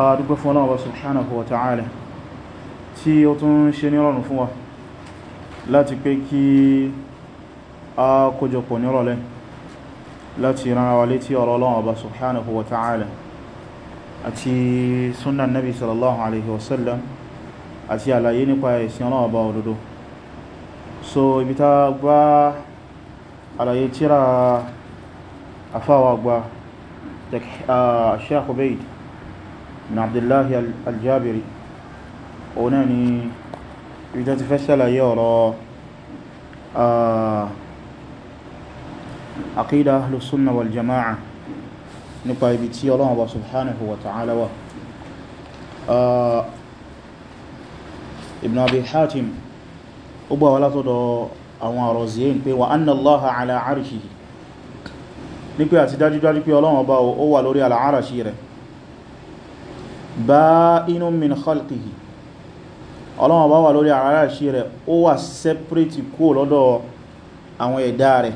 adúgbẹ́ fún ọlọ́wọ́ subhanahu wa ta'ala tí ó tún ṣe ní rọrùn fún wa láti pé kí a kójọpọ̀ ní rọ̀lẹ́ láti ránra wa létí ọ̀rọ̀ ọlọ́wọ́ subhanahu wa ta'ala àti sunan nabi sallallahu àlàyé nípa ẹ̀sìn ọlọ́wọ́ bá òdodo so ibi ibn abdullah aljabiri òun náà ni ìjọ ti fẹ́ ṣàlàyé ọ̀rọ̀ àkídà ahlus sunna wal jama'a nípa ibi tí Ọlọ́hun Ọba subhanahu wa ta'ala wà ibn abi hatim ó gbà wá látọ̀dọ̀ àwọn àrọ̀zíyẹ́ pé wa anna allaha ala arshihi ní pé àti dájúdájú pé Ọlọ́hun Ọba ó wà lórí ala rẹ̀ ba'inun min khalqihi ọlọ́wọ́n bá wà lórí àràṣí rẹ̀ ó wà separate kó lọ́dọ̀ àwọn ẹ̀dá rẹ̀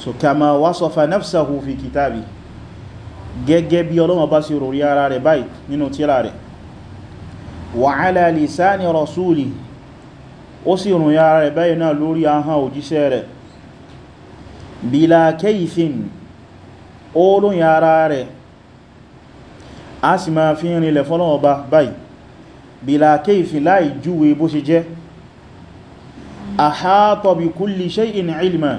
so kama wasafa nafsahu fi kitabi gẹ́gẹ́ bí ọlọ́wọ́n bá sí ròrí ara rẹ̀ báyìí nínú tírà rẹ̀ wa ala lisani rasuli ó sì ròrí ara rẹ̀ báyìí náà lórí ahán òjíṣẹ́ rẹ̀ bila kayfin ó lóyìn ara rẹ̀ a sì máa fi ń rinlẹ̀ fọ́lọ́wọ́ bá báyìí bìlà kéèfì láì júwe bó ṣe jẹ́ ahata bi kulli shay'in ilma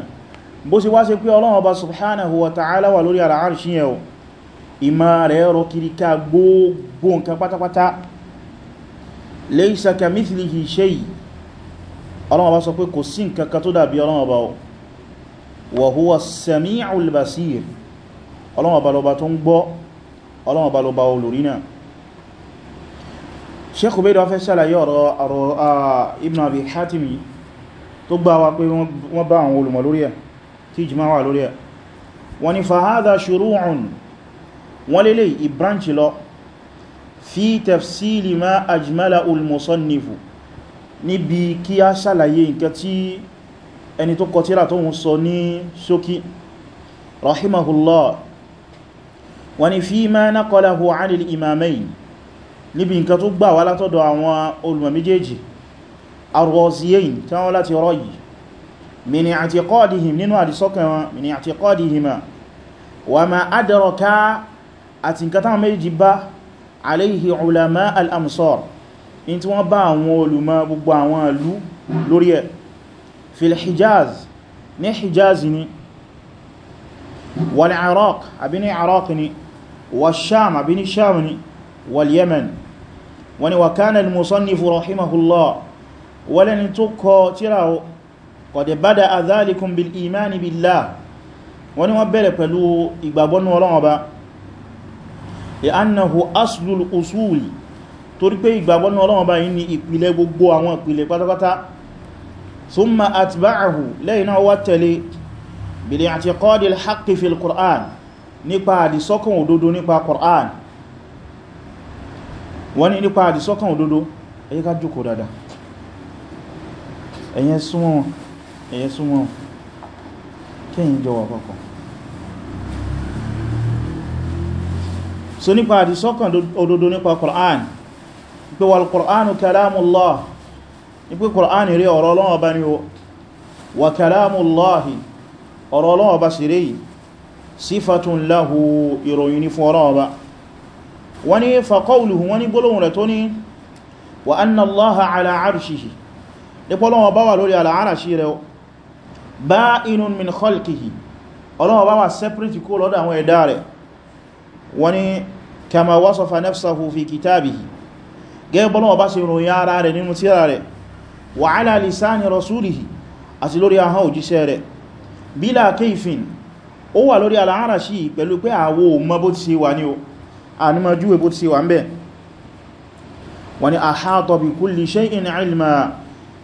bó ṣe wá ṣe pé Ọlọ́run Ọba subhanahu wa ta'ala wà lórí al-arshi yẹn o ìmá rẹ̀ rọ kiri ká gbogbo nǹkan pátápátá laysa kamithlihi shay' Ọlọ́run Ọba lọ́ba tó ń gbọ́ ọlọ́wọ̀n bá ló bá olórí náà Sheikh Ubayda fẹ́ ṣàlàyé ọ̀rọ̀ Ibn Abi Hatimi tó gbá wa pé wọ́n bá àwọn olùmọ̀ lórí ẹ̀ tí ìjìmá wà lórí ẹ̀ wọ́n ni fahadha shuru'un wọ́n lélẹ̀ ìbráǹchì lọ fi tafsili ma ajmala al níbi kí a ṣàlàyé nǹkan tí ẹni tó kọtíra tó ń sọ ní ṣókí rahimahullah wọ́n ni fi ma naqalahu 'anil imamayn níbi nǹkan tó gbà wá látọ̀dọ̀ àwọn olùmọ̀ méjèèjì ar-Raziyayn tí wọ́n láti rọ́ yìí min i'tiqadihim nínú àdìsọ́kàn wọn min i'tiqadihima wa àti nǹkan táwọn méjì bá Iraq ni wa sham àbí ní sham ni wal yemen wani wa kana al-musannifu rahimahullah wala ni tó kọ tírà qad bada'a dhalikum bil imani billah wani wọ́n bẹ̀rẹ̀ pẹ̀lú ìgbàgbọ́ nínú Ọlọ́run Ọba li'annahu aslul usul torí pé ìgbàgbọ́ nínú Ọlọ́run Ọba yìí ni ìpìlẹ̀ gbogbo àwọn ìpìlẹ̀ pátápátá thumma atba'ahu lẹ́yìn náà wá tẹ̀lé bil i'tiqadil haqqi fil qur'an nípa àdìsọ́kàn òdodo nípa Qur'an wọ́n ní nípa àdìsọ́kàn òdodo ẹ̀yẹ́ ká jùkò dada ẹ̀yẹ́ súnmọ́ ẹ̀yẹ́ súnmọ́ kẹ́yìn jọ wà papọ̀ so nípa àdìsọ́kàn òdodo nípa Qur'an pé wal Qur'anu kalamullah Qur'an rí ọ̀rọ̀ Ọlọ́run ọba ni wa kalamullahi ọ̀rọ̀ Ọlọ́run ọba rí sífàtún láhù ìròyìn ní fún ọ̀rọ̀ ọba wọ́n ni fàkọ́ùlù wọ́n ni gbólóhùn rẹ̀ tó ní wa anna allaha ala arshihi ní pọ́lọ́wọ́ bá wà lórí ala arshi rẹ̀ bá inun min khalqihi ọlọ́wọ́ bá wà separate kó lọ́dọ̀ àwọn ẹ̀dá rẹ̀ wọ́n ni kama wasafa bila kaifin ó wà lórí al-arashi pẹ̀lú pé àwọ mọ́ bó ti ṣe wà ní o ànímọ̀júwẹ̀ bó ti ṣe wà ń bẹ̀ wọ́n ni ahata bi kulli shay'in ilma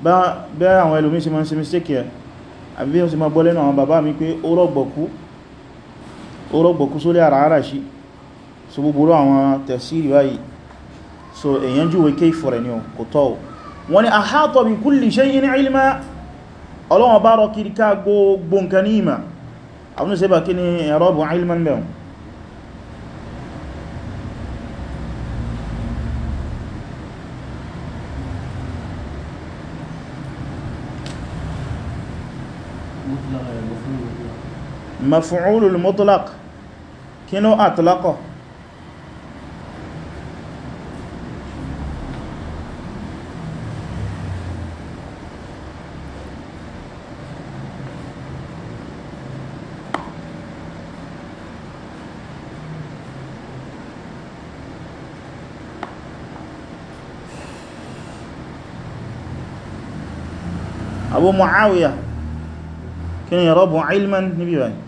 bẹ́ àwọn ẹlòmí ṣe mọ́ sí mistake ẹ̀ àbí wọ́n sì mọ́ bọ́lẹ́nà àwọn bàbá mi pé ó rọ̀gbọ̀kú sólé al-arashi so gbogbo àwọn tafsiri báyìí so èyàn júwẹ́ kéf rẹ̀ ni o kò tọ́ wọ́n ọlọ́wọ́n bá rọ kiri gbogbo nǹkan ní ìmọ̀ àwọn ìṣẹ́bà kí ni ẹ̀rọ́bù ilman bẹ̀rún maf'ulul mutlaq kí ni ó àtìlákọ̀ àwọn Muawiya kí ni rọ́bù ilman níbi báyìí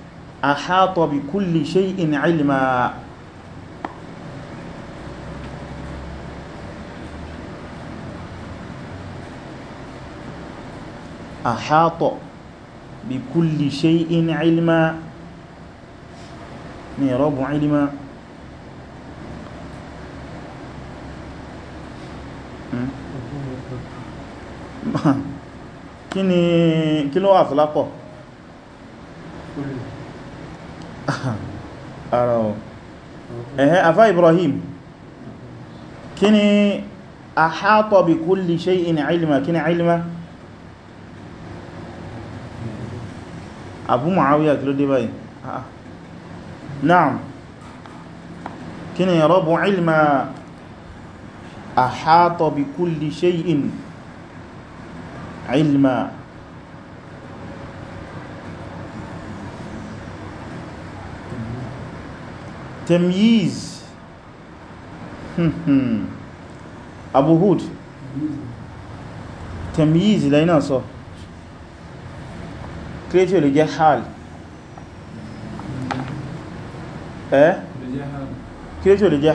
ahata bi kulli shay'in ilma ahata bi kulli shay'in ilma ni rọ́bù ilma Hmm? kí ni kí ló wà fúlápọ̀ ara ọ̀ ẹ̀hẹ́ afá Ibrahim kí ni ahata bi kulli shay'in ilma kí ni ilma Abu Muawiya kí ló dé báyìí ah, ah. naam kí ni rabu ilma ahata bi kulli shay'in علما تمييز أبو هود تمييز لينا صح كريتو لجي حال ẹ́ kí ló ṣe lè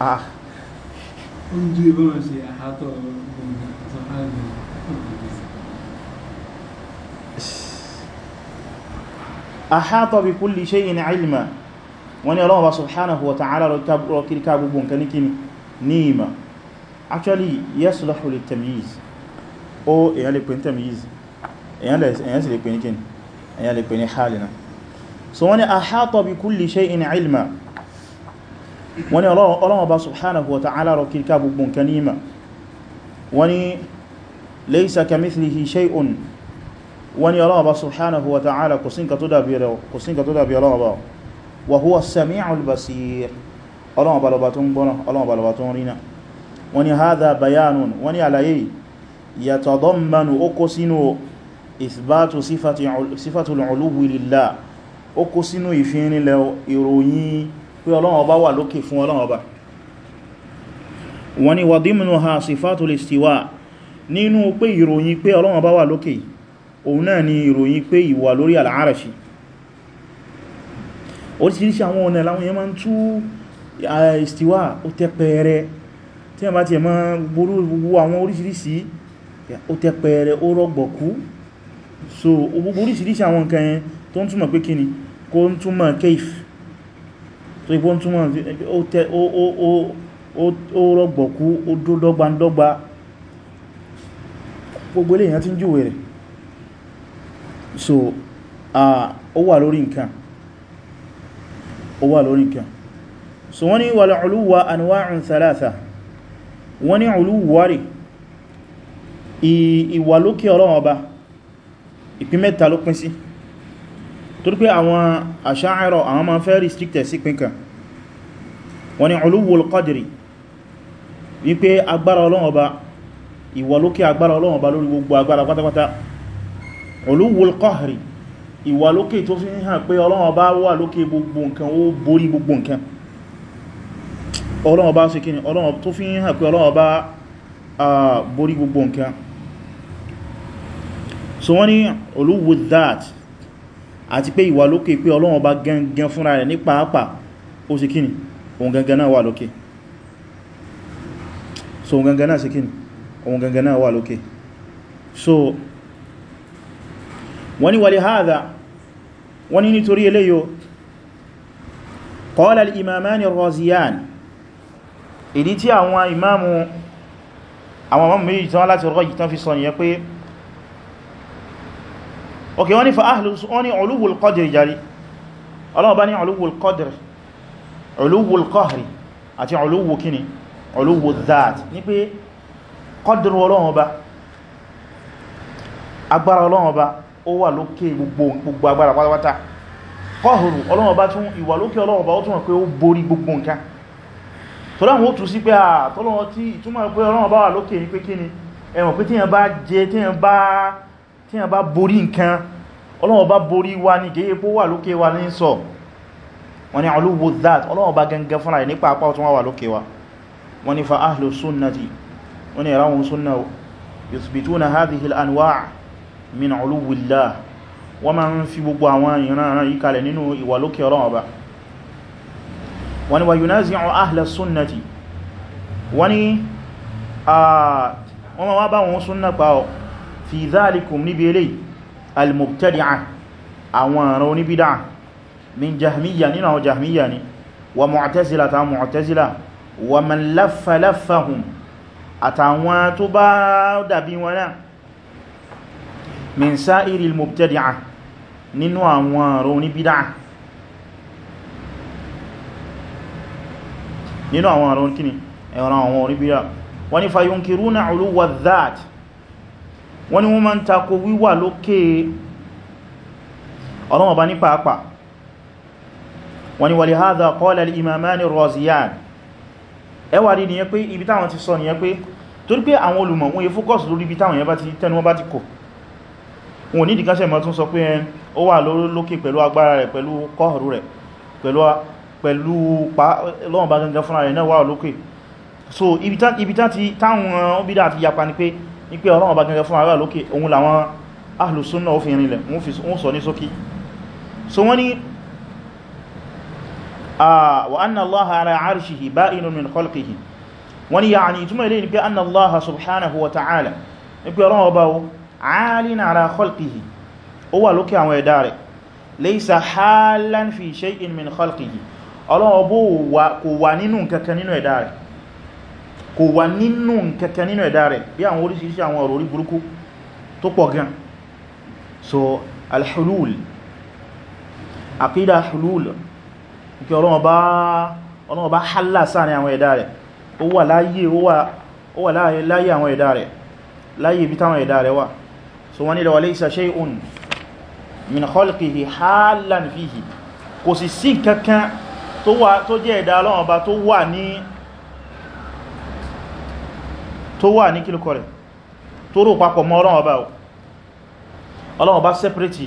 ah. أحاط بكل شيء علما وني الله سبحانه وتعالى وكلك أبو بونك نكيني نيمة actually يصلح للتمييز أو إيه اللي بين تمييز إيه اللي بين كين إيه اللي بين حالنا so وني أحاط بكل شيء علما wọ́n ni Ọlọ́hun Ọba subhanahu wa ta'ala rọ kíríká gbogbo nǹkan ní ìmọ̀ wọ́n ni laysa kamithlihi shay'un wọ́n ni Ọlọ́hun Ọba subhanahu wa ta'ala kò sí nǹkan tó dàbí Ọlọ́hun Ọba wa huwa samiul basir Ọlọ́hun Ọba lọba tó gbọ́nà Ọlọ́hun Ọba lọba tó ń rínà hadha bayanun wọ́n ni àlàyé yatadammanu ó kó sínú ìsìbátò sífàtùl uluwi lillah ó kó sínú ìròyìn pé ọlọ́run ọba wà lókè fún ọlọ́run ọba wọ́n ni wà dímìnà ha sífàtò lè stíwà nínú pé ìròyìn pé ọlọ́run ọba wà lókè òun náà ni ìròyìn pé ìwà lórí al'arashi oríṣiríṣi àwọn ọ̀nà láwọn yẹn máa ń tú ìstíwà ó tẹ́ pẹ̀ẹ̀rẹ̀ tí wọ́n bá ti ẹ̀mọ́ gbogbo àwọn oríṣiríṣi ó tẹ́ pẹ̀ẹ̀rẹ̀ ó rọ̀gbọ̀kú so oríṣiríṣi àwọn nǹkan yẹn tó ń túmọ̀ pé kíni kó ń túmọ̀ kéfì so ipò ń túnmọ̀ ó rọ̀gbọ̀kú ó dó dọ́gbandọ́gba gbogbo eléyàn tí ń júwe rẹ̀ so ó wà lórí nǹkan ó wà lórí nǹkan so wọ́n ní wal uluwa anwa'un thalatha wọ́n ní uluwa rẹ̀ ìwà lókè Ọlọ́run ọba ìpín ló pín sí torí pé àwọn Asha'ira àwọn máa fẹ́ restricted sí pín kan wọ́n ni uluwul qadri wípé agbára Ọlọ́run Ọba ìwọlókè agbára Ọlọ́run Ọba lórí gbogbo agbára pátápátá uluwul qahri ìwọlókè tó fi hàn pé Ọlọ́run Ọba wà lókè gbogbo nǹkan ó borí gbogbo nǹkan Ọlọ́run Ọba ṣe kíni Ọlọ́run tó fi hàn àti pé ìwà lókè pé Ọlọ́run bá gangan fúnra rẹ̀ ní pàápàá ó sì kíni òun gangan náà wà lókè so òun gangan náà sì kíni òun gangan náà wà lókè so wọ́n ni wàlé haza wọ́n ni nítorí eléyò qala al-imamani ìdí tí àwọn imamu àwọn mọ́mí ìtàn láti rọ́ ìtàn fi sọ nìyẹn pé ok wọ́n ni fa ahlus wọ́n ni ulúwul qadri jari Allah bá ní ulúwul qadri ulúwul qahri àti ulúwul kíni ulúwul zaat ní pé qadru Ọlọ́run Ọba agbára Ọlọ́run Ọba ó wà lókè gbogbo agbára pátápátá qahru Ọlọ́run Ọba tún ìwà lókè Ọlọ́run Ọba ó túnmọ̀ pé ó borí gbogbo nǹkan tó láwọn ó tún sí pé à tọ́lọ́wọ́ tí a bá borí nǹkan ọlọ́wọ́ bá borí wa ní kìí pó wà lókè wa ní sọ wọ́n ni olúwo that ọlọ́wọ́ bá gangan fúnra rẹ̀ nípa apá ọ̀tún wà lókè wa wọ́n ni fa ahlu sunnati wọ́n ni ìráwọn sunna yusbituna hadhihi al-anwa' min uluwillah wọ́n ma ń fi gbogbo àwọn ìran yìí kalẹ̀ sunnati wọ́n ma wá bá wọn sunna fi dhalikum níbi ilé al-mubtadi'a àwọn ọ̀rọ̀ oníbídá min jahmiya nínú àwọn jahmiya ni wa mu'tazila ta mu'tazila wa man laffa laffahum àtàwọn tó bá dàbí wọn náà min sa'iri al nínú àwọn ọ̀rọ̀ oníbídá nínú àwọn ọ̀rọ̀ oníbídá wọ́n fayunkiruna uluwa dhati wọ́n ní wọ́n máa ń takò wíwà lókè ọlọ́mọba ní pàápàá wọ́n ní wàlì hadha qala al-imamani raziyan ẹwà rí nìyẹn pé ibi táwọn ti sọ nìyẹn pé torí pé àwọn olùmọ̀ wọ́n yẹ fókọ́s lórí ibi táwọn yẹn bá ti tẹnu wọ́n bá ti kò wọ́n ní ìdíkánṣẹ́ mọ́ tún sọ pé ó wà lókè pẹ̀lú agbára rẹ̀ pẹ̀lú kọ́ọ̀rù rẹ̀ pẹ̀lú lọ́wọ́n ní pé ọ̀rọ̀ ọba gẹ́gẹ́ fún ara lókè ohun làwọn ahlùsúnnà ó fi rinlẹ̀ wọ́n sọ ní sókí so wọ́n ni wa anna allaha ala arshihi ba'inun min khalqihi wọ́n ni ya'ani ìtumọ̀ ilé ni pé anna allaha subhanahu wa ta'ala ní pé ọ̀rọ̀ ọba ó alin ala khalqihi ó wà lókè àwọn ẹ̀dá rẹ̀ laysa halan fi shay'in min khalqihi ọlọ́wọ́ bó kò wà nínú kankan nínú ẹ̀dá rẹ̀ kò wà nínú kẹkẹ nínú ẹ̀dá rẹ̀ bí àwọn oríṣìíríṣìí àwọn ọ̀rọ̀ orí burúkú tó pọ̀ gan so alhulul àkídà hulul kí Ọlọ́run bá hálà sáà ní àwọn ẹ̀dá rẹ̀ ó wà láyé àwọn ẹ̀dá rẹ̀ láyé ibi táwọn ẹ̀dá rẹ̀ wà so wọ́n ni lọ laysa shay'un min khalqihi hallan fihi kò sì sí kankan tó jẹ́ ẹ̀dá Ọlọ́run bá tó wà ní tó wà ní kílùkọ rẹ̀ tó rò papọ̀ mọ́ ọlọ́run ọba ọlọ́run ọba separate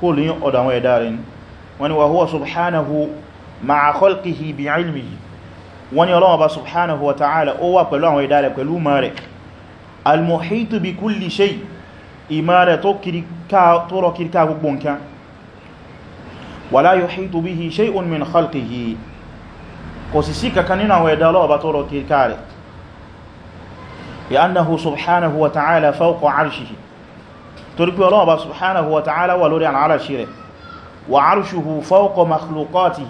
kó lè ọ̀dọ̀ àwọn ẹ̀dá rẹ̀ wọ́n ni wa huwa subhanahu ma'a khalqihi bi ilmihi wọ́n ni ọlọ́run ọba subhanahu wa ta'ala ó wà pẹ̀lú àwọn ẹ̀dá rẹ̀ pẹ̀lú mọ́ rẹ̀ al-muhitu bi kulli shay ìmá rẹ̀ tó rọ kiri gbogbo nǹkan wala yuhitu bihi shay'un min khalqihi kò sì sí kankan nínú àwọn ẹ̀dá ọlọ́ọ̀bá tó rọ kiri rẹ̀ لأنه سبحانه وتعالى فوق عرشه تركي الله سبحانه وتعالى ولوري عن عرشه وعرشه فوق مخلوقاته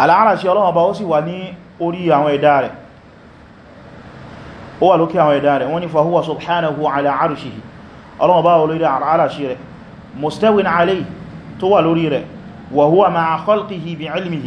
العرش الله باوسي وني أري عن إداره هو لك عن إداره وني فهو سبحانه على عرشه الله باو لوري عن عرشه مستوٍ عليه تو لوري وهو مع خلقه بعلمه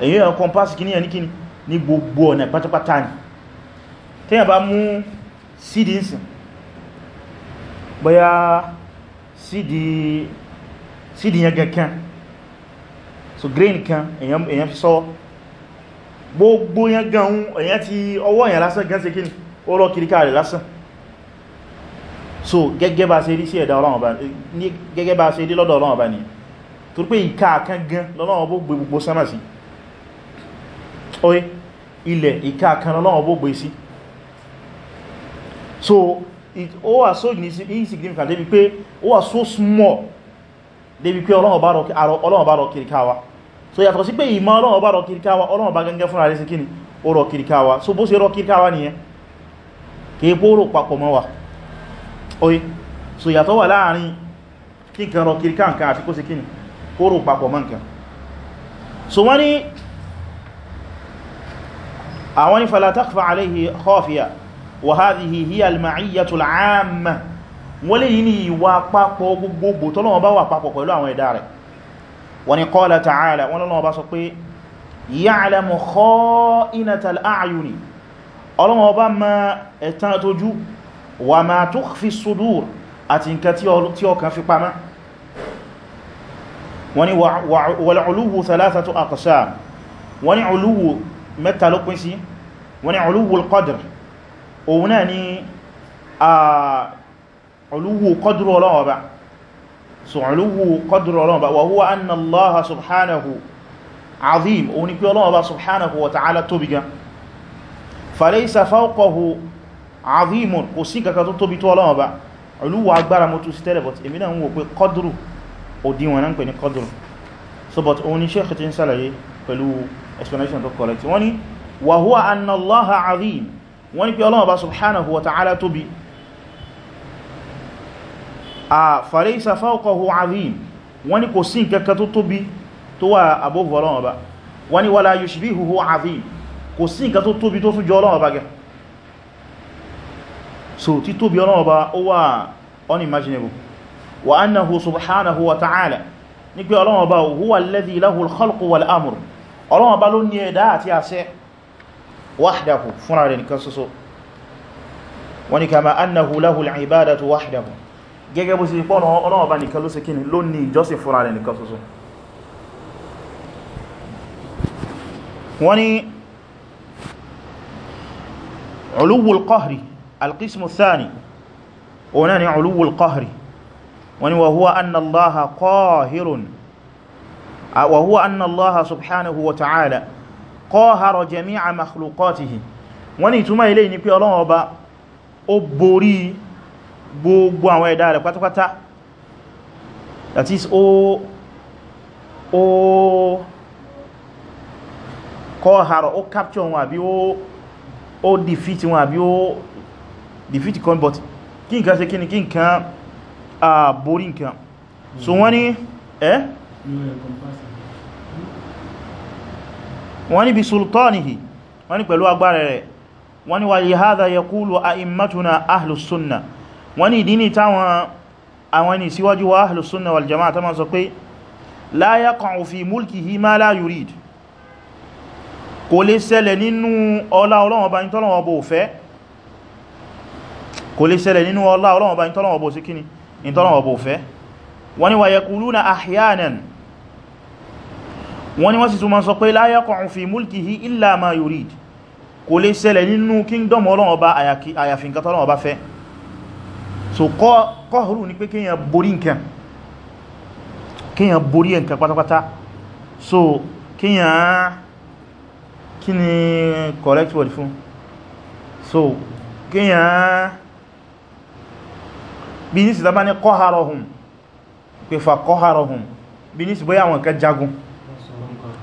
èyí yàn kọmpásì kìníyàn ní kíni ní gbogbo ọ̀nà pátápátá ni tẹ́yàn bá mú sídì ìsìn bóyá sídì yẹn gan kan so grain kan èyàn fi sọ́wọ́ gbogbo yẹn gan ohun èyàn ti ọwọ́ èyàn lásán gan ṣe kíni ó lọ kìríkà rẹ̀ lásán so gẹ́gẹ́ bá ṣe rí sí ẹ̀dá Ọlọ́run Ọba ní gẹ́gẹ́ bá ṣe rí lọ́dọ̀ Ọlọ́run Ọba ni torípé ìka kan gan lọ́lọ́run bó gbogbo sánmà sí oye ilẹ̀ ìka kan ọlọ́wọ́ bó gbé sí so it wà so insignificant débi pé ó wà so small débi pé ọlọ́wọ́ bá rọ kìríkáwa so yàtọ̀ sí pé ìmọ̀ ọlọ́wọ́ bá rọ kìríkáwa ọlọ́wọ́ bá gẹ́gẹ́ fún àrẹ́sì kíni ó rọ kìríkáwa so bó ṣe rọ kìríkáwa nìyẹn kìí pòórò papọ̀ mọ́ wa oye so yàtọ̀ wà láàrin kíkan rọ kìríká nǹkan àti kó ṣe kíni pòórò papọ̀ mọ́ nǹkan so wọ́n ni àwọn ní fala takfa alayhi khafiya wa hadhihi hiya al-ma'iyyatu al-'amma wọ́n lè yìí ni ìwà papọ̀ gbogbogbò tọ́lọ́wọ́ bá wà papọ̀ pẹ̀lú àwọn ẹ̀dá rẹ̀ wọ́n ni qala ta'ala wọ́n lọ́wọ́ bá sọ pé ya'lamu kha'inatal a'yuni ọlọ́wọ́ bá ma ẹ̀tàn mẹ́ta ló pín sí wọ́n ni ulúwul qadr òun náà ni ulúwù qadr Ọlọ́run Ọba so ulúwù qadr Ọlọ́run Ọba wa huwa anna Allaha subhanahu azim òun ni pé Ọlọ́run Ọba subhanahu wa ta'ala tóbi gan falaysa fawqahu azimun kò sí kankan tó tóbi tó Ọlọ́run Ọba ulúwù agbára mo tún sí tẹ́lẹ̀ but èmi náà ń wò pé qadru òdíwọ̀n náà ń pè ní qadru so but òun ni Sheikh ti ń sàlàyé pẹ̀lú explanation tó correct wọ́n ni wa huwa anna Allaha azim wọ́n ni pé Ọlọ́run bá subhanahu wa ta'ala tóbi a falaysa fawqahu azim wọ́n ni kò sí nǹkankan tó tóbi tó wà above Ọlọ́run bá wọ́n ni wala yushbihuhu azim kò sí nǹkan tó tóbi tó tún jọ Ọlọ́run bá gẹ so tí tóbi Ọlọ́run bá wà unimaginable ọlọ́wọ̀n bá ló ní ẹ̀dá àti àṣẹ wahdahu fúnra rẹ̀ nìkan ṣoṣo wọ́n ni kama annahu lahul ibadatu wahdahu gẹ́gẹ́ bó sì pọ́ ọlọ́wọ̀n bá nìkan ló sì kíni ló ní ìjọsìn fúnra rẹ̀ nìkan ṣoṣo wọ́n ni uluwul qahri alqismu thani wọ́n ni uluwul qahri wọ́n ni wa huwa anna allaha qahirun وهو أن الله سبحانه وتعالى قاهر جميع مخلوقاته وني ìtumọ̀ ilé ní pé ọlọ́run ọba ó borí gbogbo àwọn that is ó ó kọ́hàrọ̀ ó capture wọn àbí ó defeat wọn àbí ó defeat kan but kí nǹkan ṣe kí ni kí ah, borí nǹkan so wọ́n ni eh wọ́n ni bí sultanihi wọ́n ni pẹ̀lú agbára rẹ̀ wọ́n ni wà lè hádá ya kúlù a immatuna ahlùsúnna wọ́n ni ìdí ni táwọn àwọn ni síwájú wa ahlùsúnna wal jama'a ta ma sọ pé la yaqa'u fi mulkihi ma la yurid kò lè ṣẹlẹ̀ nínú ọlá Ọlọ́run Ọba ìtọ́lọ́wọ́ bó fẹ́ bó fẹ́ wọ́n ni wọ́n sì tún ma sọ pé la yaqa'u fi mulkihi illa ma yurid kò lè ṣẹlẹ̀ nínú kingdom Ọlọ́run Ọba àyàfi nǹkan tọ́lọ́run Ọba fẹ́ so qahru ní pé kíyàn borí nǹkan kíyàn borí nǹkan pátápátá so kíyàn kí ni correct word fún so kíyàn bí ní sí tàbá ní qaharahum pé fa bí ní sí bóyá àwọn nǹkan jagun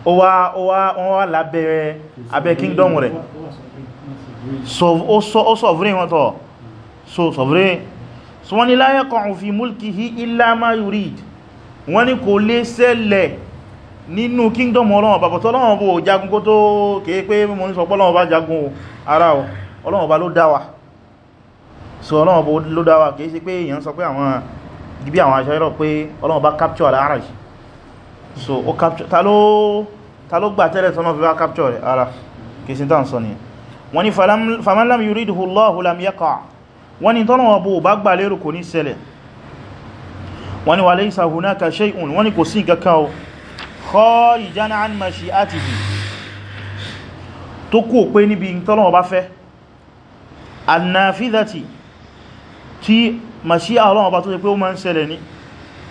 ó wá wọ́n wá lábẹ́ abẹ́ kingdom rẹ̀ ó sovereign wọ́n tọ́ so sovereign so wọ́n ni la yaqa'u fi mulkihi illa ma yurid wọ́n ni kò lè ṣẹlẹ̀ nínú kingdom ọlọ́wọ̀n bàbọ̀ tó lọ́wọ́n bó jagun kó tó kéé pé ní sọpọ́ bá jagun ara ọ ọlọ́wọ́n bá so ọlọ́wọ́n bó ló dáwà kéé sí pé èyàn sọ pé àwọn ibi àwọn aṣọ ìrọ̀ so o capture ta ló ta ló gbà tẹ́lẹ̀ tọ́nà fi wá capture rẹ̀ ara kìsí tán sọ nìyẹn wọ́n ni faman lam yuridhu Allahu lam yaqa wọ́n ni tọ́nà ọbọ̀ bá gbà lérò kò ní ṣẹlẹ̀ wọ́n ni walaysa hunaka shay'un wọ́n ni kò sí kankan o kharijan an mashi'atihi tó kú ò pé níbi tọ́nà ọba fẹ́ annafidhati tí mashi'a Ọlọ́run ọba tó ṣe pé ó máa ń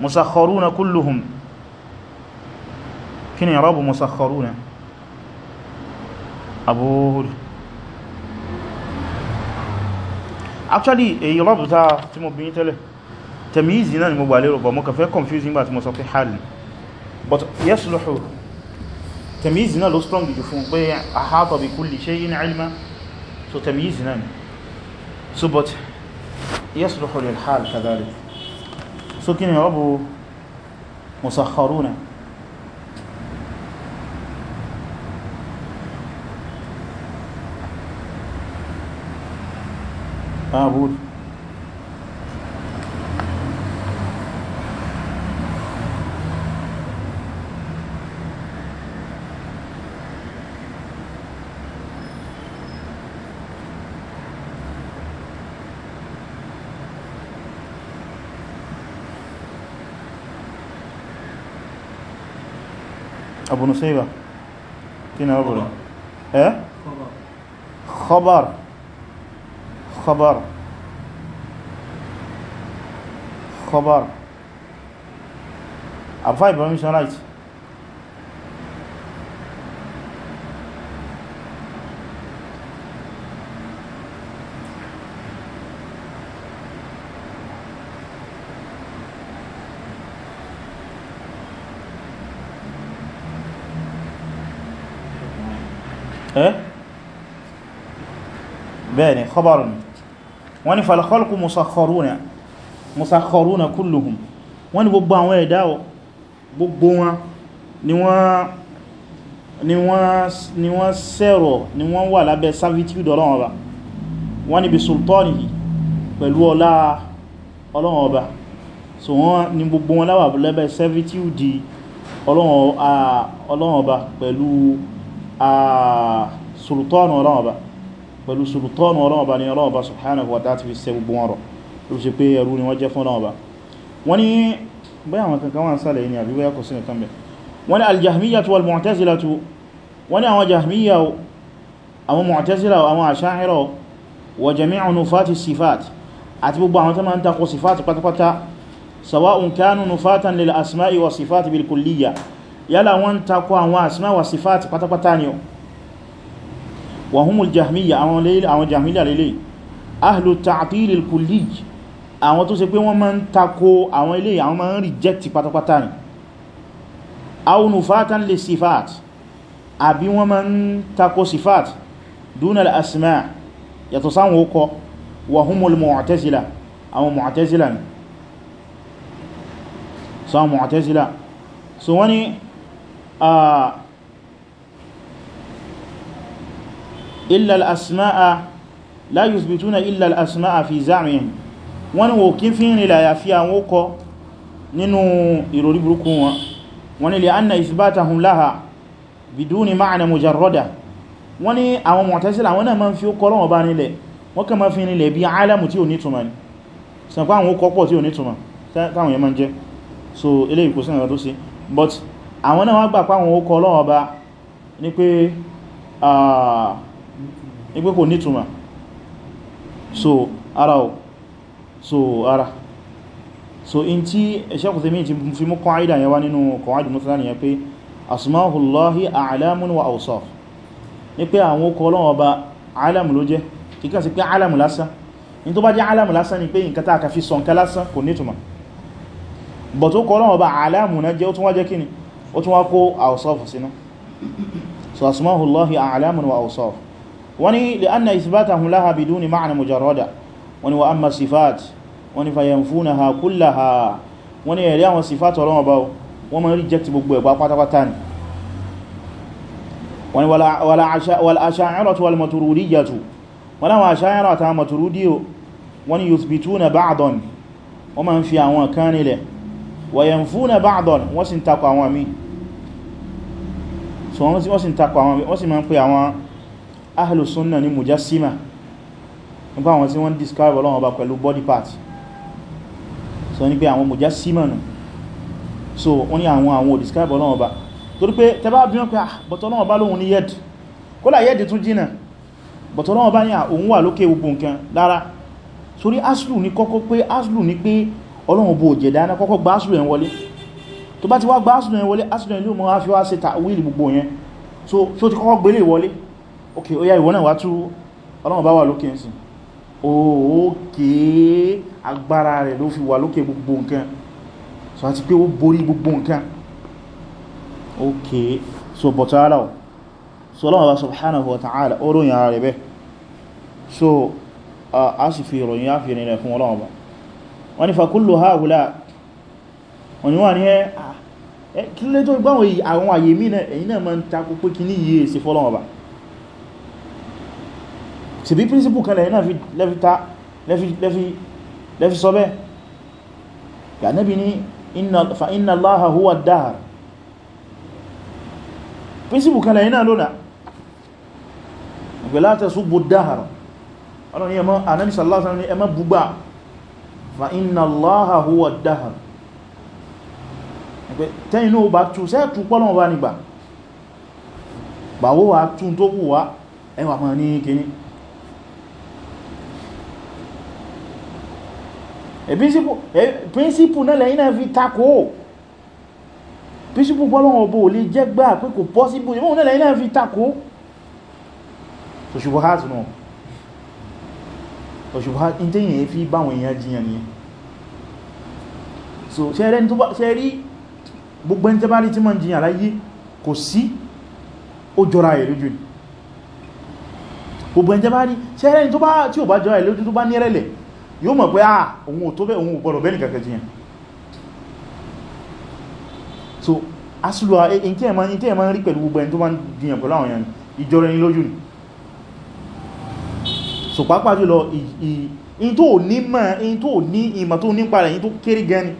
مسخرون كلهم كن يراب مسخرون أبور actually èyí rọ́bù tá tí mo bí ní tẹ́lẹ̀ tẹ̀míìzì náà ni mo wà lérò bọ̀ mo kàfẹ́ confusing bá ti mo sọ pé hàlì but yes lọ́hù tẹ̀míìzì náà ló strong jù fún pé ahata bi kulli shay'in ilma so tẹ̀míìzì náà ni so but yes lọ́hù lè hàlì kadhalik so kí ni rọ́bù musakharuna ààbúrú Abu Nusayba kí ni ọgbọ̀rọ̀ ẹ́ khabar khabar khabar àfá Ibrahim Shanite khabarun wọ́n ní falkhalku musakharuna musakharuna kulluhum wọ́n ní gbogbo àwọn ẹ̀dá gbogbo wọn ni wọ́n ni wọ́n ni wọ́n sẹ́rọ̀ ni wọ́n wà lábẹ́ servitude ọlọ́run ọba wọ́n ni bí sultanihi pẹ̀lú ọlá ọlọ́run ọba so wọ́n ni gbogbo wọn láwà lábẹ́ servitude ọlọ́run ọba pẹ̀lú sultan ọlọ́run ọba pẹ̀lú sultan ọlọ́wọ́ bá ní ọlọ́wọ́ bá subhanahu wa ta'ala fi ṣe gbogbo wọn rọ̀ ló ṣe pé ẹrú ni wọ́n jẹ́ fún ọlọ́wọ́ bá wọ́n ní báyà wọn kankan wọn sálẹ̀ ní àbí báyà kò sí nǹkan bẹ̀ wọ́n ní aljahmiya tu almu'tazila tu wọ́n ní àwọn jahmiya àwọn mu'tazila àwọn asha'ira wa jami'u nufati sifat àti gbogbo àwọn tó máa ń takò sifat pátápátá sawa'un kanu nufatan lil asma'i wa sifat bil kulliya yálà wọ́n takò àwọn asma wa sifat pátápátá ni o wa humul jahmiya àwọn lele àwọn jahmiya lele ahlu ta'til al-kulli àwọn tó ṣe pé wọ́n máa ń tako àwọn ilé àwọn máa ń reject pátápátá ni aw nufatan li sifat àbí wọ́n máa ń tako sifat duna al yàtọ̀ sáwọn okọ wa humul àwọn mu'tazila ni sáwọn mu'tazila so wani uh, illa al-asma'a la yusbituna illa al-asma'a fi za'mihim wọ́n ní wọ́n kí fi ń rìnlẹ̀ àyàfi àwọn ó kọ nínú ìròrí burúkú wọn wọ́n ní li anna isbatahum laha biduni ma'na mujarrada wọ́n ní àwọn Mu'tazila wọ́n náà ma ń fi ó kọ́ lọ́wọ́ bá nílẹ̀ ma fi nílẹ̀ bí alamu tí ò ní túnmà ní sàpá àwọn ókọ́ pọ̀ tí ò ní túnmà táwọn yẹn ma ń so ilé ìkó sínú tó sí but àwọn náà wọ́n gbà pàwọn ókọ́ lọ́wọ́ bá ní pé ah, ipé kò nítumà so ara o so ara so in tí ẹ̀ṣẹ́kù tẹ́mí ti fi mú kọ́ídà yẹn wá nínú kọ̀wádìí mọ́sílá nìyẹn pé asmahullahi a'lamun wa awsaf ní pé àwọn okọ̀ ọlọ́wọ́ bá alamu ló jẹ́ kíkà sí pé alamu lásán ní tó bá jẹ́ alamu lásán ni pé nǹkan tàà fi sọǹkà lásán kò nítumà but ó kọ́ ọlọ́wọ́ bá alamu jẹ́ ó tún wá jẹ́ kíni ó tún wá kó awsaf sínú so asmahullahi a'lamun wa awsaf وني لأن إثباته لها بدون معنى مجرد وني وأما الصفات وني فينفونها كلها وني يليان والصفات ولما باو وما رجت بقبوة باقوة قطان وني ولا, ولا عشا والأشاعرة والمترودية ولا أشاعرة مترودي وني يثبتون بعضا ومن في عوان كان له وينفون بعضا وسنتقوا عوامي so wọ́n sì ń takọ̀ àwọn wọ́n sì máa ń pè àwọn ahlu sunna ní mujassima nípa àwọn tí wọ́n describe Ọlọ́run ọba pẹ̀lú body part so ní pé àwọn mujassima nù so wọ́n ní àwọn àwọn describe Ọlọ́run ọba torí pé tẹbá bí wọ́n pé ah but Ọlọ́run ọba lóhun ní yed kó là yed tún jìnà but Ọlọ́run ọba ní ah, òun wà lókè gbogbo nǹkan lára sórí aslu ní kọ́kọ́ pé aslu ní pé Ọlọ́run ọba òjẹ̀dá náà kọ́kọ́ gba aslu ẹ̀ wọlé tó bá ti wá gba aslu ẹ̀ wọlé aslu ok ó yá ìwọ náà wá tú ọlọ́run bá wà lókè ń sìn òkè agbára rẹ̀ ló fi wà lókè gbogbo nǹkan so àti pé ó borí gbogbo nǹkan ok so bọ̀tọ̀ ara ọ̀ so ọlọ́run bá subhanahu wa ta'ala ó ròyìn ara rẹ̀ bẹ́ so a sì fi ìròyìn àfihàn rẹ̀ fún ọlọ́run ṣe bí príncipù kan lẹ́yìn náà lẹ́fi sọ bẹ́ yànẹ́bí ní fa inna Allaha huwa ad-dahr príncipù kan lẹ́yìn náà lónà la tasubbu ad-dahr ọlọ́ni ẹmọ́ Ànábì sallallahu alaihi wasallam ẹmọ́ búgbà fa inna Allaha huwa ad-dahr tẹ́yìn náà bá tún sẹ́ẹ̀tù pọ́lọ̀ bá nígbà bàwó wa tún tó wù wá ẹwà mọ̀ ní kìíní Eh, píńsípù eh, náà lẹ́yìn náà fi takò píńsípù gbọ́lọ́wọ́ bó lè jẹ́ gbà pé kò pọ́síbù ìmọ̀ náà lẹ́yìn náà fi takò ṣùgbọ́hátù náà ṣùgbọ́hátù ní tẹ́yìn fi báwọn èèyàn jiyàn ni so ṣe rí gbogbo ẹni tẹ́ bá rí tí mọ́ jiyàn láyé kò sí ó jọra ẹ̀ lójú gbogbo ẹni tẹ́ bá rí ṣe rẹ́ni tí ó bá jọra ẹ̀ lójú tó bá nírẹ̀lẹ̀ yóò mọ̀ pé ah òun ò tó bẹ́ òun ò gbọ́dọ̀ bẹ́ẹ̀ nìkẹ̀kẹ́ so asúlùwà in tí ẹ̀mọ́ ń rí pẹ̀lú gbogbo ẹni tó bá ń jiyàn pẹ̀lú àwọn èèyàn ìjọra ẹni lójú ni so pàápàá jùlọ in tó ní ní ìmọ̀ tó nípa tó kéré ni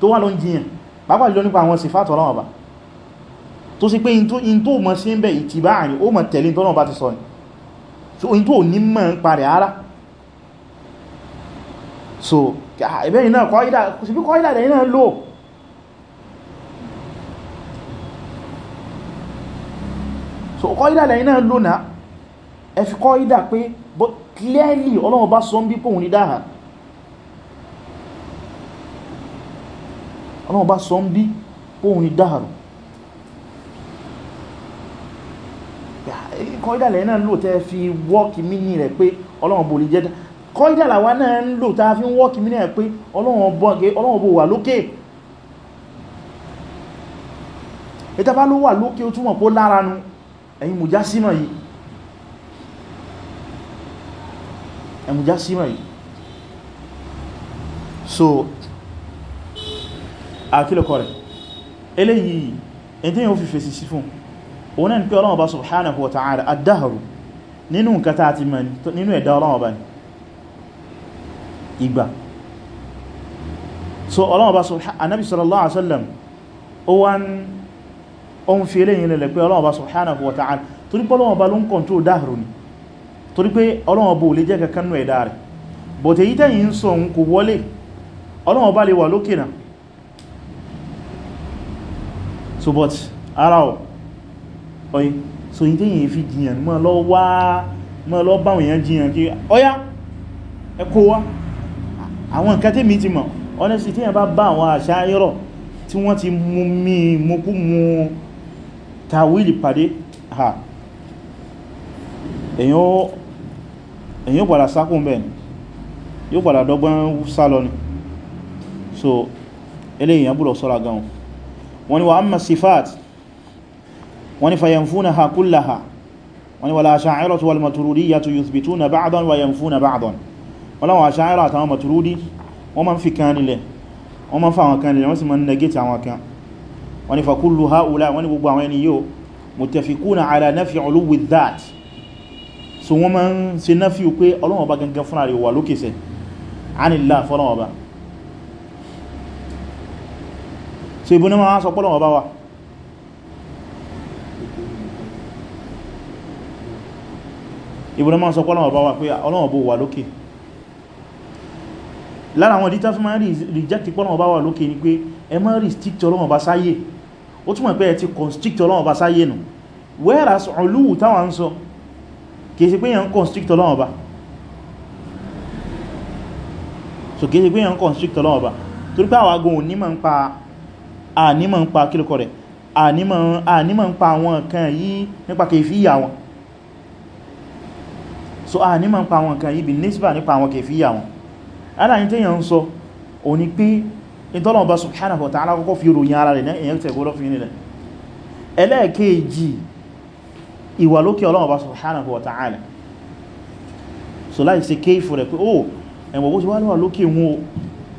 tó wà ló ń jiyàn pàápàá jùlọ nípa àwọn sífàtọ̀ ọlọ́wọ̀ bá tó sì pé in tó mọ̀ sí ń bẹ̀ ìtìbáà ni ó mọ̀ tẹ̀lé tọ́lọ́wọ̀ bá ti sọ ni so in tó ní mọ̀ ń parẹ̀ ara so ẹ̀bẹ́ iná kọ́ídà kò sí bí kọ́ídà rẹ̀ iná lò so kọ́ídà rẹ̀ iná lò náà ẹ fi kọ́ídà pé but clearly Ọlọ́run bá sọ ń bí pòun ní dáhà Ọlọ́run bá sọ ń bí pòun ní dáhà kọ́ídà rẹ̀ iná lò tẹ́ fi wọ́ọ̀kì mí ní rẹ̀ pé Ọlọ́run bò lè jẹ́ kọ́ídà làwa náà ń lò tá a fi ń wọ́kì mí náà pé Ọlọ́run bó wà lókè ìta bá ló wà lókè ó túnmọ̀ pó lára nu ẹ̀yin mùjá símọ̀ símọ̀ yìí so àkílẹ̀kọ́ rẹ̀ eléyìí ẹ̀dí yóò fi fèsì sí fún òun náà ni pé Ọlọ́run bá subhanahu wa ta'ala ad-dahru nínú nǹkan ìgbà so Ọlọ́run bá anábi sallallahu alaihi wasallam ó wá ń fi eléyìn lẹ́lẹ̀ pé Ọlọ́run bá subhanahu wa ta'ala torí pé Ọlọ́run bá ló ń kọ̀ntó dáhùrù ni torí pé Ọlọ́run bó lè jẹ́ kankanú ẹ̀dá rẹ̀ bọ̀ tèyí tẹ́yìn ń sọ ń kò wọlé Ọlọ́run bá lè wà lókè náà àwọn nǹkan tí mi ti mọ̀ honestly tí yẹn bá bá àwọn àṣáyírọ̀ tí wọ́n ti mú mi mú mú tàwílì pàdé ha èyàn yóò padà sákùn yóò padà dọ́gbọ́n sálọ ni so eléyìn yà búrọ̀ sọ́ra gan wọ́n ni wa amma sifat wọ́n ni fayanfunaha kullaha wọ́n ni wal asha'iratu wal maturidiyatu yuthbituna ba'dan wa yanfuna ba'dan wọ́n láwọn aṣáyẹ́rà àtàwọn maturudi wọ́n ma ń fi kan nílẹ̀ wọ́n ma ń fa àwọn kan nílẹ̀ wọ́n sì ma ń negate àwọn kan wọ́n ni fakullu haula wọ́n ni gbogbo àwọn ẹni yóò mutafikuna ala nafi uluwi that so wọ́n ma ń ṣe nafi pé Ọlọ́run Ọba gangan fúnra rẹ̀ wà lókè sẹ́ anilá fọ́lọ́wọ́ sọ pọ́lọ́wọ́ ba wa pé Ọlọ́run Ọba wà lókè lára àwọn ìdítà fún ma ń reject pọ́lọ̀wọ̀ bá wà lókè ní pé ẹ má restrict ọlọ́wọ̀ bá sáyé ó túnmọ̀ pé ẹ ti constrict ọlọ́wọ̀ bá sáyé nù whereas olúwù táwọn sọ kìí pé yẹn ń constrict bá so kìí ṣe pé yẹn ń constrict ọlọ́wọ̀ bá torí pé àwọn agun òní ma ń pa kílùkọ rẹ̀ àníma ń pa àwọn kan yìí nípa so àníma ń pa àwọn kan yìí bí nísbà nípa aláyìn tí yàn ń sọ o ní pé ìtọ́lọ̀wọ̀n bá subhanahu wa ta'ala kọ́kọ́ fi ròyìn ara rẹ̀ èyàn tẹ̀ gbọ́dọ̀ fi nílẹ̀ ẹlẹ́ẹ̀kejì ìwà lókè Ọlọ́run bá subhanahu wa ta'ala so láì ṣe kéfù rẹ̀ pé ó oh, ẹ̀wọ̀ bó ti wá lọ́wọ́ lókè wọn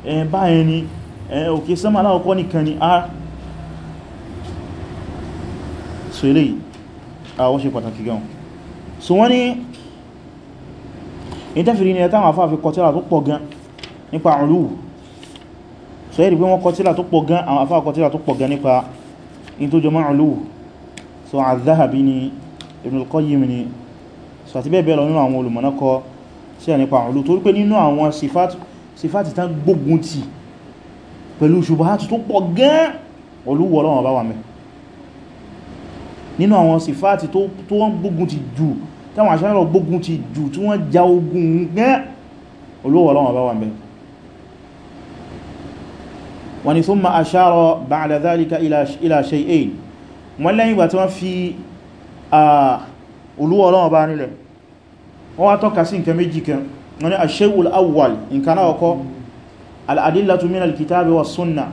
ẹ̀yìn bá ẹni òkè sánmà aláwọ̀kọ́ nìkan ni a ah. so ilé àwọn ah, ṣe pàtàkì gan so wọ́n ni ìtẹ́fìrí ni ẹ̀tàwọn afáàfi kọtíra tó pọ̀ gan nípa àrùn so ẹ́rì pé wọ́n kọtílà tó pọ̀ gan àwọn afá kọtílà tó pọ̀ gan nípa in tó jọmọ́ àrùn so az ni Ibn al-Qayyim ni so àti bẹ́ẹ̀ bẹ́ẹ̀ lọ nínú àwọn olùmọ̀ná tó wọ́n gbógun ti jù táwọn àṣánà gbógun ti jù tí wọ́n ja ogun gan olúwọ́ bá wà mẹ́ wọ́n ni thumma ashara ba'da dhalika ila shay'ayn wọ́n lẹ́yìn ìgbà tí wọ́n fi olúwọ́ ọlọ́wọ́ bá nílẹ̀ wọ́n wá tọ́ka sí nǹkan méjì kan wọ́n ni ash-shay'ul awwal nǹkan náà kọ́ al min al wa sunna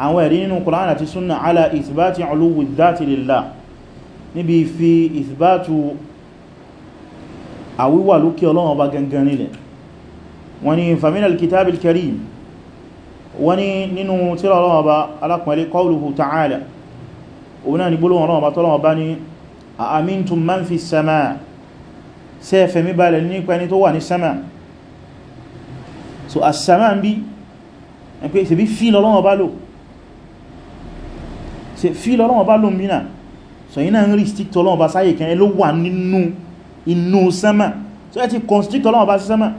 àwọn ẹ̀rí nínú Qur'an àti sunna ala ithbati uluwi dhati lillah níbi fi ithbatu àwíwà lókè ọlọ́wọ́ bá gangan nílẹ̀ wọ́n ni fa min wani nínú tírà ọlọ́wọ́ bá alákùnrin qawluhu ta'ala òun náà ni gbólóhùn ọlọ́wọ́ bá tọ́lọ́wọ́ bá ní a amintum man fi sama ṣé ẹ fẹ̀mí balẹ̀ nípa ẹni tó wà ní sama so as-sama ń bí ẹ̀pẹ́ ìsẹ̀bí fíl ọlọ́wọ́ bá lò fíl ọlọ́wọ́ bá lò ń bí náà so yína ń rí stick tọ́lọ́wọ́ bá sáyè kẹ́ ló wà nínú inú sama so ẹ ti constrict ọlọ́wọ́ bá sí sama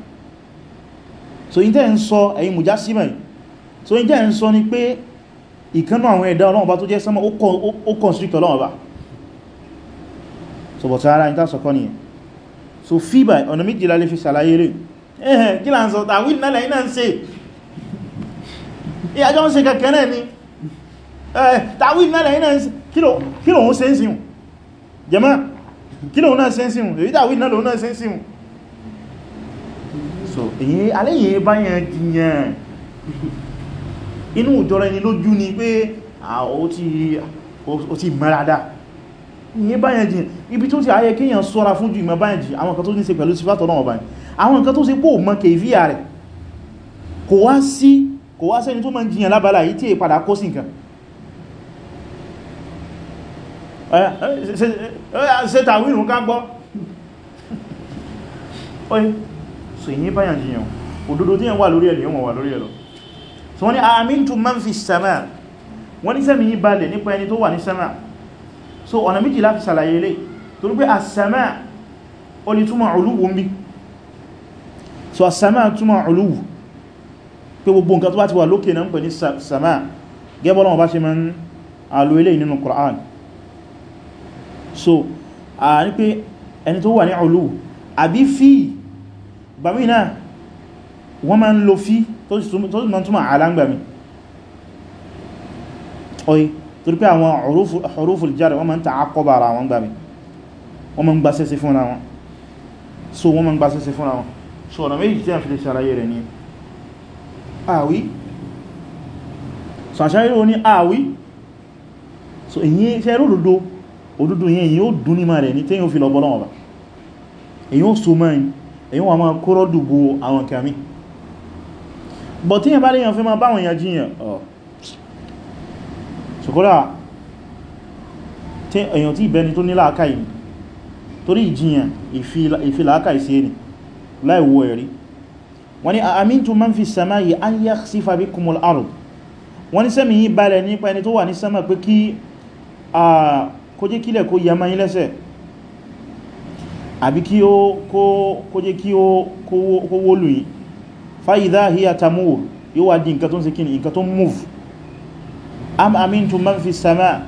so yí so in jẹ́ ń sọ ni pé ìkánú àwọn ẹ̀dá Ọlọ́run bá tó jẹ́ sánmà ó constrict Ọlọ́run bá so bọ̀tí ara ìta sọ̀kọ́ nìyẹn so fíbà ọ̀nà méjìlá lè fi ṣàlàyé rẹ̀ ẹ̀hẹ̀ kí là ń sọ tàwí náà lẹ́yìn náà ń ṣe ìyàjọ́ ń ṣe kẹ̀kẹ́ náà ni tàwí náà lẹ́yìn náà ń ṣe kí lòun ṣe ń sìn jẹ́mọ́ kí lòun náà ṣe ń sìn èyí tàwí náà lòun náà ṣe ń sìn so inú ìjọra ẹni lójú ni pé ó ti mẹ́rada ìyẹn báyẹ̀ jìn ibi tó ti ayẹ kíyàn sọ́ra fún jù ìmọ̀ báyẹ̀ jìn àwọn kan tó ní ṣe pẹ̀lú sífàtọ̀ náà báyìí àwọn nǹkan tó ṣe pò mọ́ kèfíà rẹ̀ kò wá sí kò wá sẹ́ni tó mọ́ jiyàn lábàlá yìí tí è padà kó sí nǹkan ṣe tàwírùn ká gbọ́ oye so ìyẹn báyẹ̀ jiyàn òdodo tí yẹn wà lórí ẹ̀lẹ̀ yọ́n wà lórí ẹ̀lọ́ so wọ́n ni àmìntù man fi sàmà wọ́n ni sẹ́mi yí balẹ̀ nípa ẹni tó wà ní sàmà so ọ̀nà méjì láti sàlàyé lè torí pé àsàmà ó ní túnmà olúwò ń bí so àsàmà túnmà olúwò pé gbogbo nǹkan tó bá ti wà lókè náà ń pè ní sàmà gẹ́bọ́ so a ní pé ẹni tó wà ní olúwò àbí fi gbàmínà tó sì túnmọ̀ aláǹgbàmí oye torí pé àwọn huruful jar wọ́n ma ń ta akọba ara wọn gbàmí wọ́n ma ń gbásẹ́sẹ́ fúnra wọn so wọ́n ma ń gbásẹ́sẹ́ fúnra wọn so ọ̀nà méjì tí a fi lè ṣàlàyé rẹ̀ ní àwí so àṣàyẹ́ o ní àwí so èyí ṣe rú òdúdó òdúdó yẹn èyí ó bọ̀ tí yẹn bá léyàn fi ma báwọn èèyàn jíyàn ọ̀ oh. ṣùkúrà tí èyàn tí ìbẹni tó nílá àkáì ní torí ìjìyàn ìfìlà àkáì sí ẹni láìwọ ẹ̀rí wọ́n ni àmìntù man fi sẹ́mà yìí an yakhsifa bikumul ard wọ́n ni sẹ́mì yìí balẹ̀ nípa ẹni tó wà ní sẹ́mà pé kí a kójé kílẹ̀ kó yẹ mayí lẹ́sẹ̀ àbí kí ó kó kí ó kówó lùyìn fa'idha hiya tamur yóò wá di nǹkan tó ń ṣe kíni nǹkan tó move am amintum man fi sama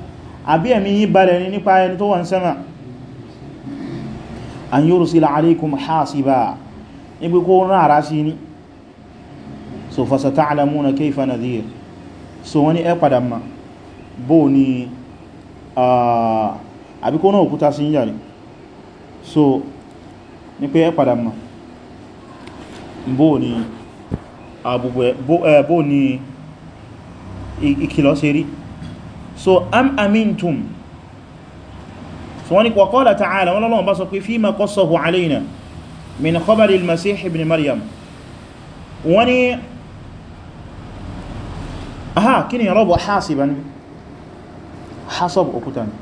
àbí ẹ̀mí yí balẹ̀ ní nípa ẹni tó wà ń sama an yursila alaykum hasiba nígbé kó rán ara sí ní so fa sata'lamuna kayfa nadhir so wani ẹ padà ma bó ni àbí kó náà òkúta sí yàrí so ní pé ẹ padà ma bó ni àbúgbò ẹ̀bọ́ ni ìkìlọ̀ ṣe rí so am amintum so wọ́n ni wa qala ta'ala wọ́n lọ́wọ́n bá sọ pé fima qassahu alayna min khabari al-masih ibn maryam wọ́n ni aha kí ni rọ́bọ̀ hasiban hasab òkúta ni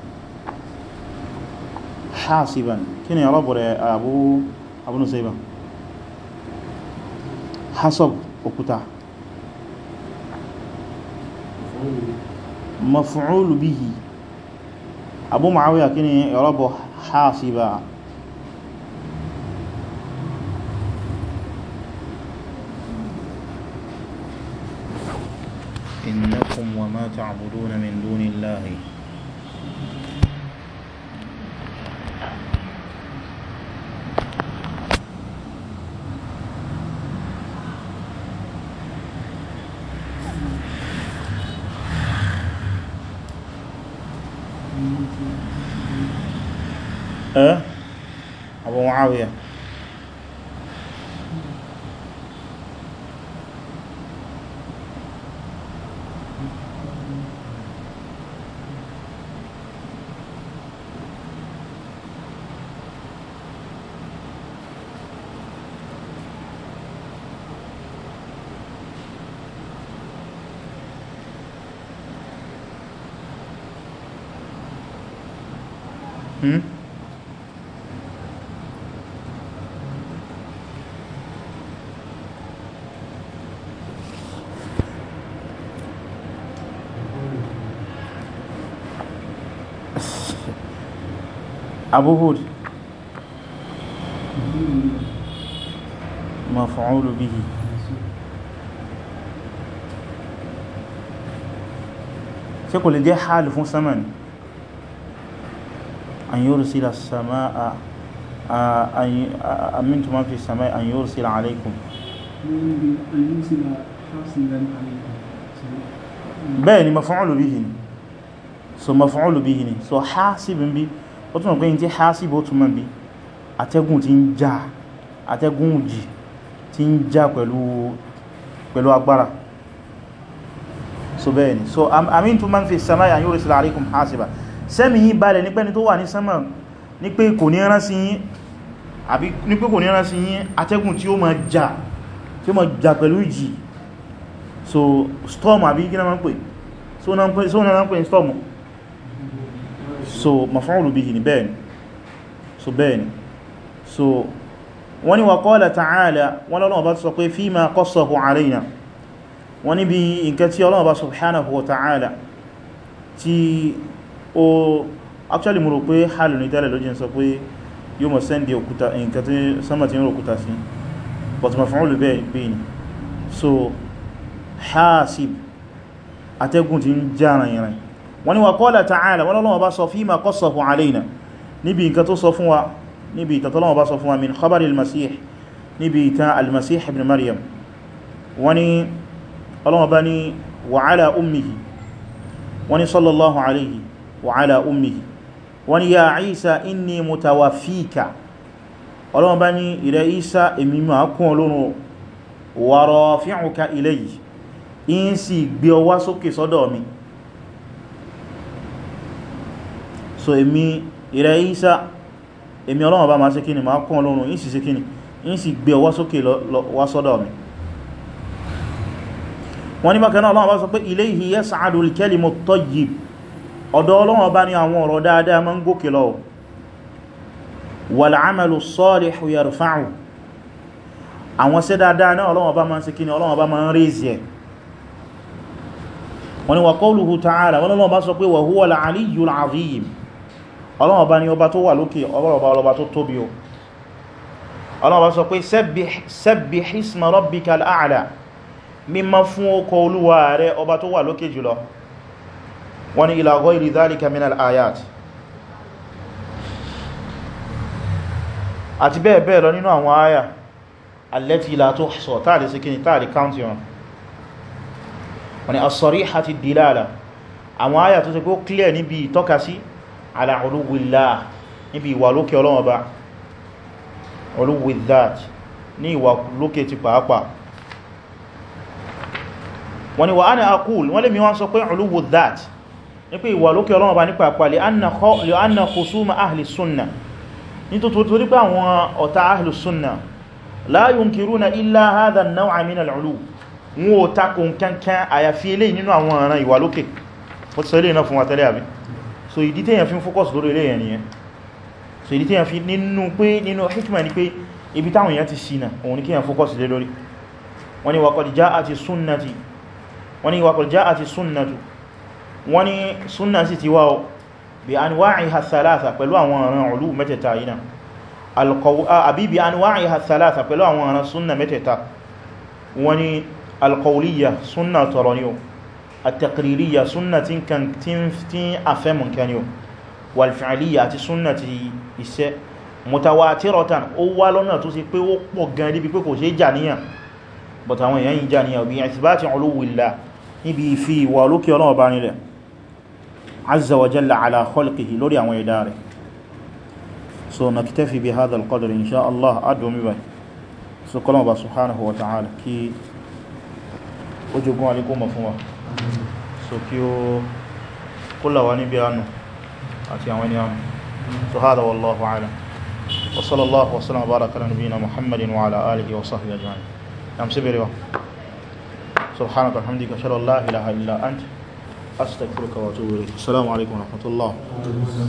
hasiban kí ni rọ́bọ̀ rẹ̀ abu abu nusayba وكتا مفعول به ابو معاويه كني يرب حاسبا انكم وما تعبدون من دون الله Abu Hud maf'ul bihi ṣe kò lè jẹ́ hálì fún sánmà ni an yursila samaa amintum man fi samaa an yursila alaykum bẹ́ẹ̀ ni maf'ul bihi ni so maf'ul bihi ni so hasibin bihi ó túnmọ̀ pé tí hásíbò túnmọ̀ bí atẹ́gùn ti ń já atẹ́gùn jì ti ń já pẹ̀lú agbára so bẹ́ẹ̀ ni so amin tó máa ń fi sánmà yà yóò rí sílá àríkùn hásíbà sẹ́mi yí balẹ̀ ní pé ní tó wà ní sánmà ní pé kò ní rán sí yín àbí ní pé kò atẹ́gùn tí ó máa já tí ó máa já pẹ̀lú ìjì so storm àbí kí náà máa ń so náà ń storm so maf'ulu bihi ni bẹ́ẹ̀ni so bẹ́ẹ̀ni so wọ́n ni wa qala ta'ala wọ́n lọ́nà ọba sọ pé fima qassahu alayna wọ́n ni bí nǹkan tí Ọlọ́run Ọba subhanahu wa ta'ala tí ó actually mo rò pé hálù ní tẹ́lẹ̀ lójín sọ pé yóò mọ̀ sẹ́ndì òkúta nǹkan tí sánmà tí ń rọ̀kúta sí but maf'ulu bihi ni so hasib atẹ́gùn ti ń já rìnrìn wọ́n ní wa qala ta'ala wọ́n lọ́wọ́ bá sọ fima qassahu alayna níbi nǹkan tó sọ fún wa níbi ìtàn tọ́lọ́wọ́ bá sọ fún wa min khabari al-masih níbi ìtàn al-masih ibn maryam wọ́n ní ọlọ́wọ́ bá ní wa so èmi ìrẹ Ìsá èmi Ọlọ́run bá ma ṣe kíni ma kún Ọlọ́run yìí sì ṣe kíni yìí sì gbé ọwọ́ sókè wá sọ́dọ̀ mi wọ́n ní bákan náà Ọlọ́run bá sọ pé ilayhi yas'adul kalimut tayyib ọ̀dọ̀ Ọlọ́run bá ní àwọn ọ̀rọ̀ dáadáa ma ń gòkè lọ wal àwọn ṣe dáadáa ma ń ọlọ́wọ́ bá ní ọba tó wà lókè ọlọ́wọ́ bá ọlọ́ba tó tóbi o ọlọ́wọ́ bá sọ pé sabbih isma rabbikal a'la mímọ́ fún ọkọ̀ olúwa rẹ ọba tó wà lókè jùlọ wọ́n ni ila ghayri dhalika minal ayat àti bẹ́ẹ̀ bẹ́ẹ̀ lọ nínú àwọn àyà tó ṣe pé clear níbi ìtọ́ka ala olúwìláà níbi ìwà lókè ọlọ́wọ́n bá olúwìláà ní ìwà lókè ti pàápàá wọ́n ni wà á ní akúl wọ́n lè mi wọ́n sọ pé olúwìláà ní pé ìwà lókè ọlọ́wọ́n bá ní pàápàá lè anna khusuma ahli sunna nítorí pé àwọn ọ̀tá ahli sunna la yunkiruna illa hadha an-naw'a min al-'ulu wọn ò takò nkankan àyàfi eléyìí nínú àwọn ọ̀ràn so ìdí tẹ́yàn fi ń focus lórí ilé yẹn nìyẹn so ìdí tẹ́yàn fi nínú pé nínú hikma ni pé ibi táwọn èèyàn ti ṣìnà òun ni kíyàn focus lé lórí wọ́n ni waqad ja'ati sunnati wọ́n ni waqad ja'ati sunnatu wọ́n ni súnnà sí ti wá bi anwa'iha thalatha pẹ̀lú àwọn ọ̀ràn ulum mẹ́tẹ̀ta yìí àbí bi anwa'iha thalatha pẹ̀lú àwọn ọ̀ràn súnnà mẹ́tẹ̀ta wọ́n ni alqawliya súnnà tọ̀rọ̀ ni o التقريرية سنة كان تنفتين أفهم كانيو والفعلية سنة إساء متواترة أولا تسي بي وقبقان دي بي كو شي جانيا بطاوان يين جانيا بإثبات علو الله نبي في والوك يلون باني له عز وجل على خلقه لوري عن ويداره so نكتفي بهذا القدر إن شاء الله أدوم بي so قلنا سبحانه وتعالى كي ojogun alikoma fún wa so kí ó kúlà wá níbi àánú àti àwọn ẹni àánú so hádà wallahu a'lam wa sallallahu wa sallam baraka ala nabiyyina muhammadin wa ala alihi wa sahbihi ajma'in yam sibiri wa subhanaka alhamdika shalla la ilaha illa anta astaghfiruka wa atubu ilayk assalamu alaikum wa rahmatullah